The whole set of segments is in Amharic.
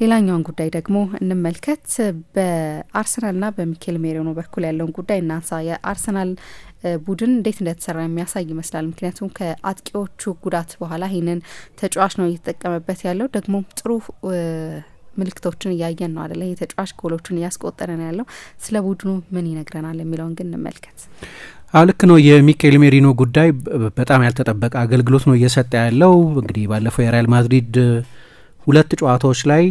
ሌላኛውን ጉዳይ ደግሞ እንመልከት። በአርሰናልና በሚኬል ሜሪኖ በኩል ያለውን ጉዳይ እናንሳ። የአርሰናል ቡድን እንዴት እንደተሰራ የሚያሳይ ይመስላል። ምክንያቱም ከአጥቂዎቹ ጉዳት በኋላ ይህንን ተጫዋች ነው እየተጠቀመበት ያለው። ደግሞ ጥሩ ምልክቶችን እያየን ነው አደለ? የተጫዋች ጎሎችን እያስቆጠረ ነው ያለው። ስለ ቡድኑ ምን ይነግረናል የሚለውን ግን እንመልከት። አልክ ነው። የሚካኤል ሜሪኖ ጉዳይ በጣም ያልተጠበቀ አገልግሎት ነው እየሰጠ ያለው። እንግዲህ ባለፈው የሪያል ማድሪድ ሁለት ጨዋታዎች ላይ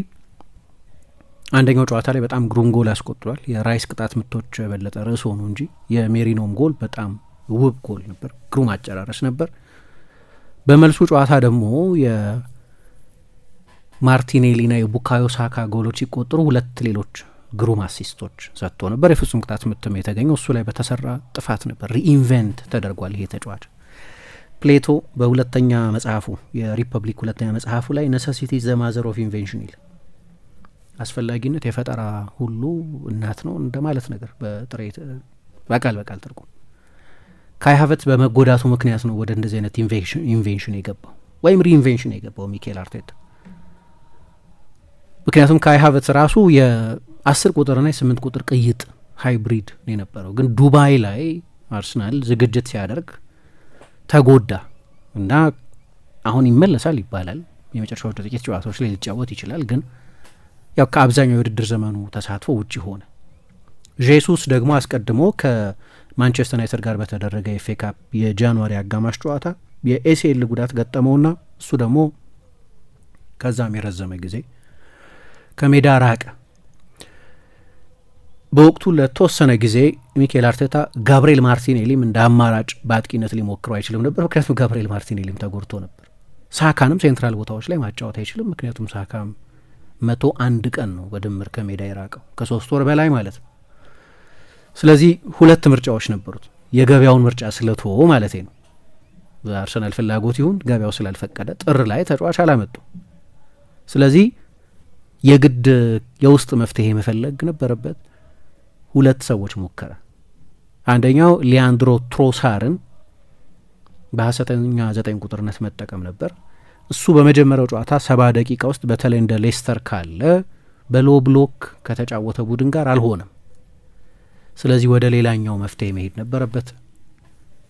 አንደኛው ጨዋታ ላይ በጣም ግሩም ጎል አስቆጥሯል። የራይስ ቅጣት ምቶች የበለጠ ርዕስ ሆኑ እንጂ የሜሪኖም ጎል በጣም ውብ ጎል ነበር፣ ግሩም አጨራረስ ነበር። በመልሱ ጨዋታ ደግሞ የማርቲኔሊና የቡካዮ ሳካ ጎሎች ሲቆጥሩ ሁለት ሌሎች ግሩም አሲስቶች ሰጥቶ ነበር። የፍጹም ቅጣት ምትም የተገኘው እሱ ላይ በተሰራ ጥፋት ነበር። ሪኢንቨንት ተደርጓል ይሄ ተጫዋች። ፕሌቶ በሁለተኛ መጽሐፉ የሪፐብሊክ ሁለተኛ መጽሐፉ ላይ ነሰሲቲ ዘማዘር ኦፍ ኢንቬንሽን ይል አስፈላጊነት የፈጠራ ሁሉ እናት ነው እንደማለት ነገር በጥሬ በቃል በቃል ትርጉም ካይ በመጎዳቱ ምክንያት ነው ወደ እንደዚህ አይነት ኢንቬንሽን የገባው ወይም ሪኢንቬንሽን የገባው ሚካኤል አርቴታ። ምክንያቱም ካይ ሀቨርትዝ ራሱ የአስር ቁጥርና የስምንት ቁጥር ቅይጥ ሃይብሪድ ነው የነበረው። ግን ዱባይ ላይ አርሰናል ዝግጅት ሲያደርግ ተጎዳ እና አሁን ይመለሳል ይባላል። የመጨረሻዎቹ ጥቂት ጨዋታዎች ላይ ሊጫወት ይችላል ግን ያው ከአብዛኛው የውድድር ዘመኑ ተሳትፎ ውጭ ሆነ። ዤሱስ ደግሞ አስቀድሞ ከማንቸስተር ዩናይትድ ጋር በተደረገ የፌካፕ ካፕ የጃንዋሪ አጋማሽ ጨዋታ የኤሲኤል ጉዳት ገጠመውና እሱ ደግሞ ከዛም የረዘመ ጊዜ ከሜዳ ራቀ። በወቅቱ ለተወሰነ ጊዜ ሚኬል አርቴታ ጋብርኤል ማርቲኔሊም እንደ አማራጭ በአጥቂነት ሊሞክረው አይችልም ነበር። ምክንያቱም ጋብርኤል ማርቲኔሊም ተጎድቶ ነበር። ሳካንም ሴንትራል ቦታዎች ላይ ማጫወት አይችልም። ምክንያቱም ሳካም መቶ አንድ ቀን ነው በድምር ከሜዳ የራቀው ከሶስት ወር በላይ ማለት ነው። ስለዚህ ሁለት ምርጫዎች ነበሩት። የገበያውን ምርጫ ስለቶ ማለት ነው። በአርሰናል ፍላጎት ይሁን ገበያው ስላልፈቀደ ጥር ላይ ተጫዋች አላመጡ። ስለዚህ የግድ የውስጥ መፍትሄ መፈለግ ነበረበት። ሁለት ሰዎች ሞከረ። አንደኛው ሊያንድሮ ትሮሳርን በሀሰተኛ ዘጠኝ ቁጥርነት መጠቀም ነበር። እሱ በመጀመሪያው ጨዋታ ሰባ ደቂቃ ውስጥ በተለይ እንደ ሌስተር ካለ በሎ ብሎክ ከተጫወተ ቡድን ጋር አልሆነም። ስለዚህ ወደ ሌላኛው መፍትሄ መሄድ ነበረበት።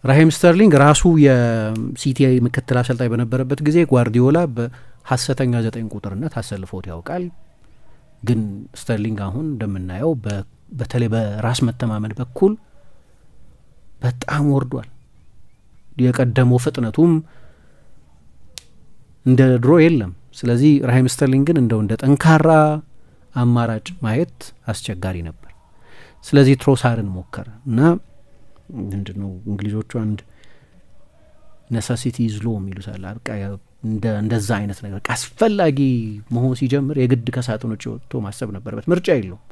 ራሂም ስተርሊንግ ራሱ የሲቲ ምክትል አሰልጣኝ በነበረበት ጊዜ ጓርዲዮላ በሀሰተኛ ዘጠኝ ቁጥርነት አሰልፎት ያውቃል። ግን ስተርሊንግ አሁን እንደምናየው በተለይ በራስ መተማመን በኩል በጣም ወርዷል። የቀደመው ፍጥነቱም እንደ ድሮ የለም። ስለዚህ ራሂም ስተርሊንግን እንደው እንደ ጠንካራ አማራጭ ማየት አስቸጋሪ ነበር። ስለዚህ ትሮሳርን ሞከረ እና ምንድን ነው እንግሊዞቹ አንድ ነሰሲቲ ዝሎ የሚሉት አለ። እንደዛ አይነት ነገር አስፈላጊ መሆን ሲጀምር የግድ ከሳጥኖች ወጥቶ ማሰብ ነበረበት። ምርጫ የለውም።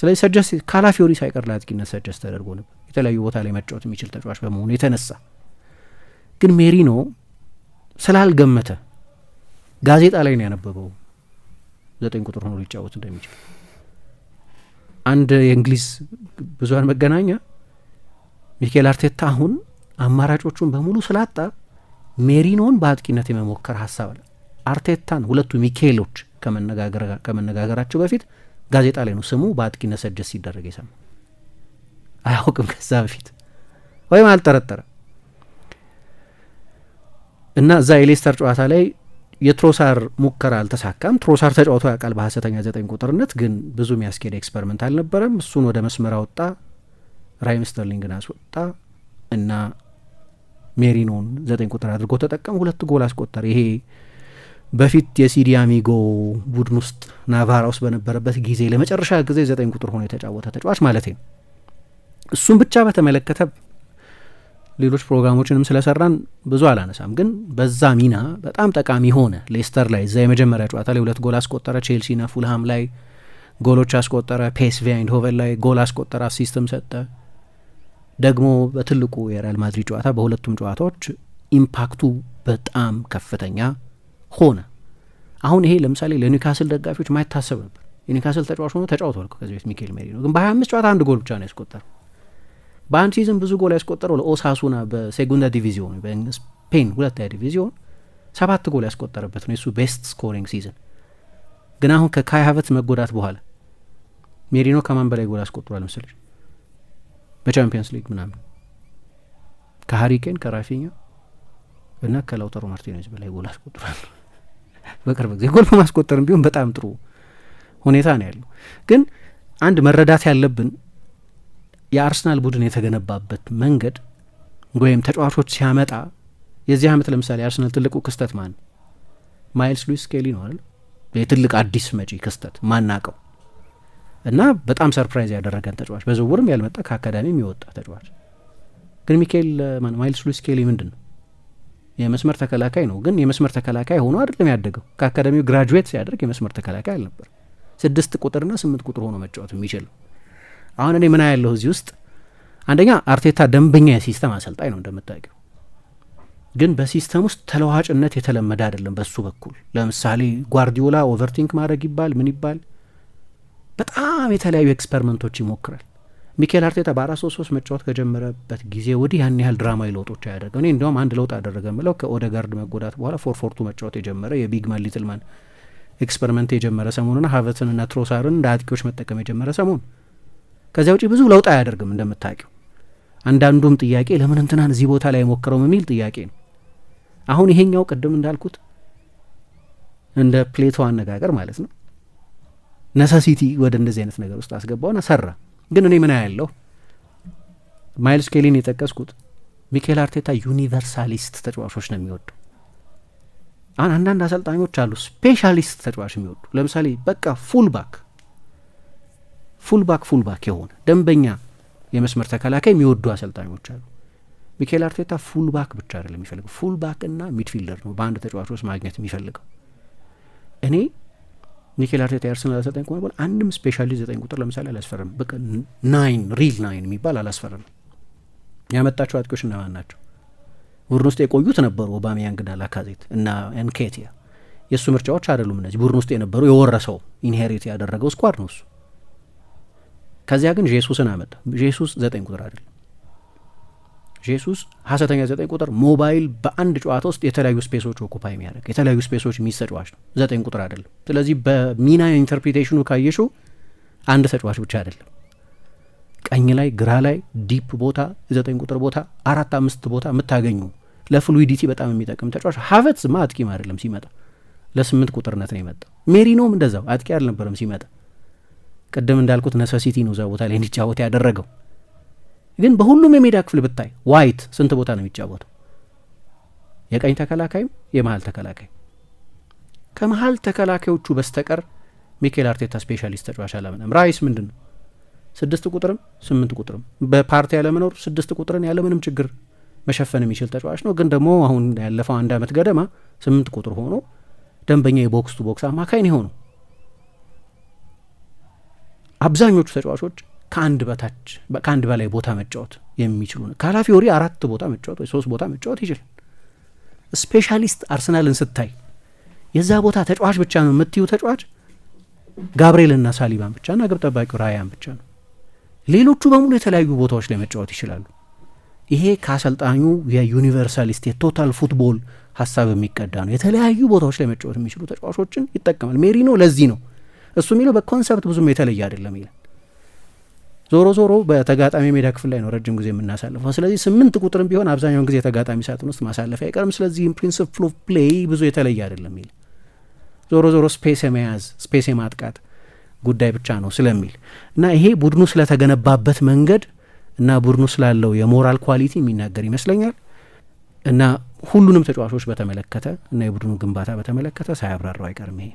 ስለዚህ ሰጀስ ካላፊዮሪ ሳይቀር ለአጥቂነት ሰጀስ ተደርጎ ነበር የተለያዩ ቦታ ላይ መጫወት የሚችል ተጫዋች በመሆኑ የተነሳ ግን ሜሪኖ ስላልገመተ ጋዜጣ ላይ ነው ያነበበው ዘጠኝ ቁጥር ሆኖ ሊጫወት እንደሚችል አንድ የእንግሊዝ ብዙሀን መገናኛ ሚኬል አርቴታ አሁን አማራጮቹን በሙሉ ስላጣ ሜሪኖን በአጥቂነት የመሞከር ሀሳብ አለ። አርቴታን ሁለቱ ሚኬሎች ከመነጋገራቸው በፊት ጋዜጣ ላይ ነው ስሙ በአጥቂነት ሰጀስ ሲደረግ የሰማ አያውቅም። ከዛ በፊት ወይም አልጠረጠረ እና እዛ የሌስተር ጨዋታ ላይ የትሮሳር ሙከራ አልተሳካም። ትሮሳር ተጫውቶ ያውቃል በሀሰተኛ ዘጠኝ ቁጥርነት ግን ብዙ የሚያስኬድ ኤክስፐሪመንት አልነበረም። እሱን ወደ መስመር አወጣ፣ ራይም ስተርሊንግን አስወጣ እና ሜሪኖን ዘጠኝ ቁጥር አድርጎ ተጠቀም። ሁለት ጎል አስቆጠር። ይሄ በፊት የሲዲ አሚጎ ቡድን ውስጥ ናቫራ ውስጥ በነበረበት ጊዜ ለመጨረሻ ጊዜ ዘጠኝ ቁጥር ሆኖ የተጫወተ ተጫዋች ማለት ነው። እሱን ብቻ በተመለከተ ሌሎች ፕሮግራሞችንም ስለሰራን ብዙ አላነሳም፣ ግን በዛ ሚና በጣም ጠቃሚ ሆነ። ሌስተር ላይ እዛ የመጀመሪያ ጨዋታ ላይ ሁለት ጎል አስቆጠረ። ቼልሲና ፉልሃም ላይ ጎሎች አስቆጠረ። ፔስቪ አይንድሆቨን ላይ ጎል አስቆጠረ፣ አሲስትም ሰጠ። ደግሞ በትልቁ የሪያል ማድሪድ ጨዋታ በሁለቱም ጨዋታዎች ኢምፓክቱ በጣም ከፍተኛ ሆነ። አሁን ይሄ ለምሳሌ ለኒውካስል ደጋፊዎች ማይታሰብ ነበር። የኒውካስል ተጫዋች ሆኖ ተጫውቷል ከዚህ በፊት ሚኬል ሜሪኖ፣ ግን በ25 ጨዋታ አንድ ጎል ብቻ ነው ያስቆጠረው። በአንድ ሲዝን ብዙ ጎል ያስቆጠረው ለኦሳሱና በሴጉንዳ ዲቪዚዮን በስፔን ሁለተኛ ዲቪዚዮን ሰባት ጎል ያስቆጠረበት ነው የሱ ቤስት ስኮሪንግ ሲዝን። ግን አሁን ከካይ ሀቨርትዝ መጎዳት በኋላ ሜሪኖ ከማን በላይ ጎል አስቆጥሯል መሰለሽ? በቻምፒየንስ ሊግ ምናምን ከሀሪኬን ከራፊኛ እና ከላውተሮ ማርቲኔዝ በላይ ጎል አስቆጥሯል። በቅርብ ጊዜ ጎል በማስቆጠርም ቢሆን በጣም ጥሩ ሁኔታ ነው ያለው። ግን አንድ መረዳት ያለብን የአርሰናል ቡድን የተገነባበት መንገድ ወይም ተጫዋቾች ሲያመጣ የዚህ ዓመት ለምሳሌ አርሰናል ትልቁ ክስተት ማን ማይልስ ሉዊስ ስኬሊ ነው አይደል? የትልቅ አዲስ መጪ ክስተት ማናቀው እና በጣም ሰርፕራይዝ ያደረገን ተጫዋች በዝውውርም ያልመጣ ከአካዳሚ የሚወጣ ተጫዋች ግን ሚካኤል ማይልስ ሉዊስ ስኬሊ ምንድን ነው? የመስመር ተከላካይ ነው። ግን የመስመር ተከላካይ ሆኖ አይደለም ያደገው። ከአካዳሚው ግራጁዌት ሲያደርግ የመስመር ተከላካይ አልነበር። ስድስት ቁጥርና ስምንት ቁጥር ሆኖ መጫወት የሚችል አሁን እኔ ምን ያለሁ እዚህ ውስጥ አንደኛ አርቴታ ደንበኛ የሲስተም አሰልጣኝ ነው እንደምታውቂው፣ ግን በሲስተም ውስጥ ተለዋጭነት የተለመደ አይደለም በሱ በኩል። ለምሳሌ ጓርዲዮላ ኦቨርቲንክ ማድረግ ይባል ምን ይባል በጣም የተለያዩ ኤክስፐሪመንቶች ይሞክራል። ሚካኤል አርቴታ በአራት ሶስት ሶስት መጫወት ከጀመረበት ጊዜ ወዲህ ያን ያህል ድራማዊ ለውጦች አያደርገው። እኔ እንዲያውም አንድ ለውጥ አደረገ ምለው ከኦደጋርድ መጎዳት በኋላ ፎር ፎርቱ መጫወት የጀመረ የቢግማን ሊትልማን ኤክስፐሪመንት የጀመረ ሰሞኑና ሀቨትንና ትሮሳርን እንደ አጥቂዎች መጠቀም የጀመረ ሰሞን ከዚያ ውጪ ብዙ ለውጥ አያደርግም እንደምታውቂው። አንዳንዱም ጥያቄ ለምን እንትናን እዚህ ቦታ ላይ ሞክረውም የሚል ጥያቄ ነው። አሁን ይሄኛው ቅድም እንዳልኩት እንደ ፕሌቶ አነጋገር ማለት ነው ነሰሲቲ ወደ እንደዚህ አይነት ነገር ውስጥ አስገባውና ሰራ። ግን እኔ ምን ያለው ማይልስ ኬሊን የጠቀስኩት ሚኬል አርቴታ ዩኒቨርሳሊስት ተጫዋቾች ነው የሚወደው። አንዳንድ አሰልጣኞች አሉ ስፔሻሊስት ተጫዋች የሚወዱ ለምሳሌ በቃ ፉል ባክ ፉልባክ ፉልባክ የሆነ ደንበኛ የመስመር ተከላካይ የሚወዱ አሰልጣኞች አሉ። ሚካኤል አርቴታ ፉልባክ ብቻ አይደለም የሚፈልገው ፉልባክ እና ሚድፊልደር ነው በአንድ ተጫዋች ውስጥ ማግኘት የሚፈልገው። እኔ ሚካኤል አርቴታ የአርሰናል አሰልጣኝ ከሆነ በኋላ አንድም ስፔሻሊስት ዘጠኝ ቁጥር ለምሳሌ አላስፈረም። በቃ ናይን ሪል ናይን የሚባል አላስፈረም። ያመጣቸው አጥቂዎች እነማን ናቸው? ቡድን ውስጥ የቆዩት ነበሩ ኦባሜያንግ ላካዜት እና ኤንኬቲያ። የእሱ ምርጫዎች አይደሉም እነዚህ ቡድን ውስጥ የነበሩ የወረሰው ኢንሄሪት ያደረገው ስኳድ ነው እሱ ከዚያ ግን ጄሱስን አመጣ። ጄሱስ ዘጠኝ ቁጥር አይደለም። ጄሱስ ሀሰተኛ ዘጠኝ ቁጥር ሞባይል በአንድ ጨዋታ ውስጥ የተለያዩ ስፔሶች ኦኩፓ የሚያደርግ የተለያዩ ስፔሶች የሚሰጫዋች ነው። ዘጠኝ ቁጥር አይደለም። ስለዚህ በሚና ኢንተርፕሪቴሽኑ ካየሽው አንድ ተጫዋች ብቻ አይደለም። ቀኝ ላይ፣ ግራ ላይ፣ ዲፕ ቦታ፣ ዘጠኝ ቁጥር ቦታ፣ አራት አምስት ቦታ የምታገኙ ለፍሉዊዲቲ በጣም የሚጠቅም ተጫዋች ሀቨትዝማ አጥቂም አይደለም ሲመጣ ለስምንት ቁጥርነት ነው የመጣ። ሜሪኖም እንደዛው አጥቂ አልነበረም ሲመጣ ቅድም እንዳልኩት ነሰሲቲ ነው እዛ ቦታ ላይ እንዲጫወት ያደረገው። ግን በሁሉም የሜዳ ክፍል ብታይ ዋይት ስንት ቦታ ነው የሚጫወተው? የቀኝ ተከላካይም የመሀል ተከላካይ ከመሀል ተከላካዮቹ በስተቀር ሚኬል አርቴታ ስፔሻሊስት ተጫዋች አለምንም። ራይስ ምንድን ነው ስድስት ቁጥርም ስምንት ቁጥርም በፓርቲ ያለመኖር ስድስት ቁጥርን ያለምንም ችግር መሸፈን የሚችል ተጫዋች ነው። ግን ደግሞ አሁን ያለፈው አንድ አመት ገደማ ስምንት ቁጥር ሆኖ ደንበኛ የቦክስ ቱ ቦክስ አማካይ ነው የሆነው። አብዛኞቹ ተጫዋቾች ከአንድ በታች ከአንድ በላይ ቦታ መጫወት የሚችሉ ነው። ካላፊዮሪ አራት ቦታ መጫወት ወይ ሶስት ቦታ መጫወት ይችላል። ስፔሻሊስት አርሰናልን ስታይ የዛ ቦታ ተጫዋች ብቻ ነው የምትዩ ተጫዋች ጋብርኤልና ሳሊባን ብቻ ና ግብ ጠባቂው ራያን ብቻ ነው። ሌሎቹ በሙሉ የተለያዩ ቦታዎች ላይ መጫወት ይችላሉ። ይሄ ከአሰልጣኙ የዩኒቨርሳሊስት የቶታል ፉትቦል ሀሳብ የሚቀዳ ነው። የተለያዩ ቦታዎች ላይ መጫወት የሚችሉ ተጫዋቾችን ይጠቀማል። ሜሪኖ ለዚህ ነው እሱ የሚለው በኮንሰፕት ብዙም የተለየ አይደለም ይላል። ዞሮ ዞሮ በተጋጣሚ ሜዳ ክፍል ላይ ነው ረጅም ጊዜ የምናሳልፈው። ስለዚህ ስምንት ቁጥርም ቢሆን አብዛኛውን ጊዜ ተጋጣሚ ሳጥን ውስጥ ማሳለፍ አይቀርም። ስለዚህ ፕሪንስፕል ኦፍ ፕሌይ ብዙ የተለየ አይደለም ይል ዞሮ ዞሮ ስፔስ የመያዝ ስፔስ የማጥቃት ጉዳይ ብቻ ነው ስለሚል እና ይሄ ቡድኑ ስለተገነባበት መንገድ እና ቡድኑ ስላለው የሞራል ኳሊቲ የሚናገር ይመስለኛል እና ሁሉንም ተጫዋቾች በተመለከተ እና የቡድኑ ግንባታ በተመለከተ ሳያብራራው አይቀርም ይሄ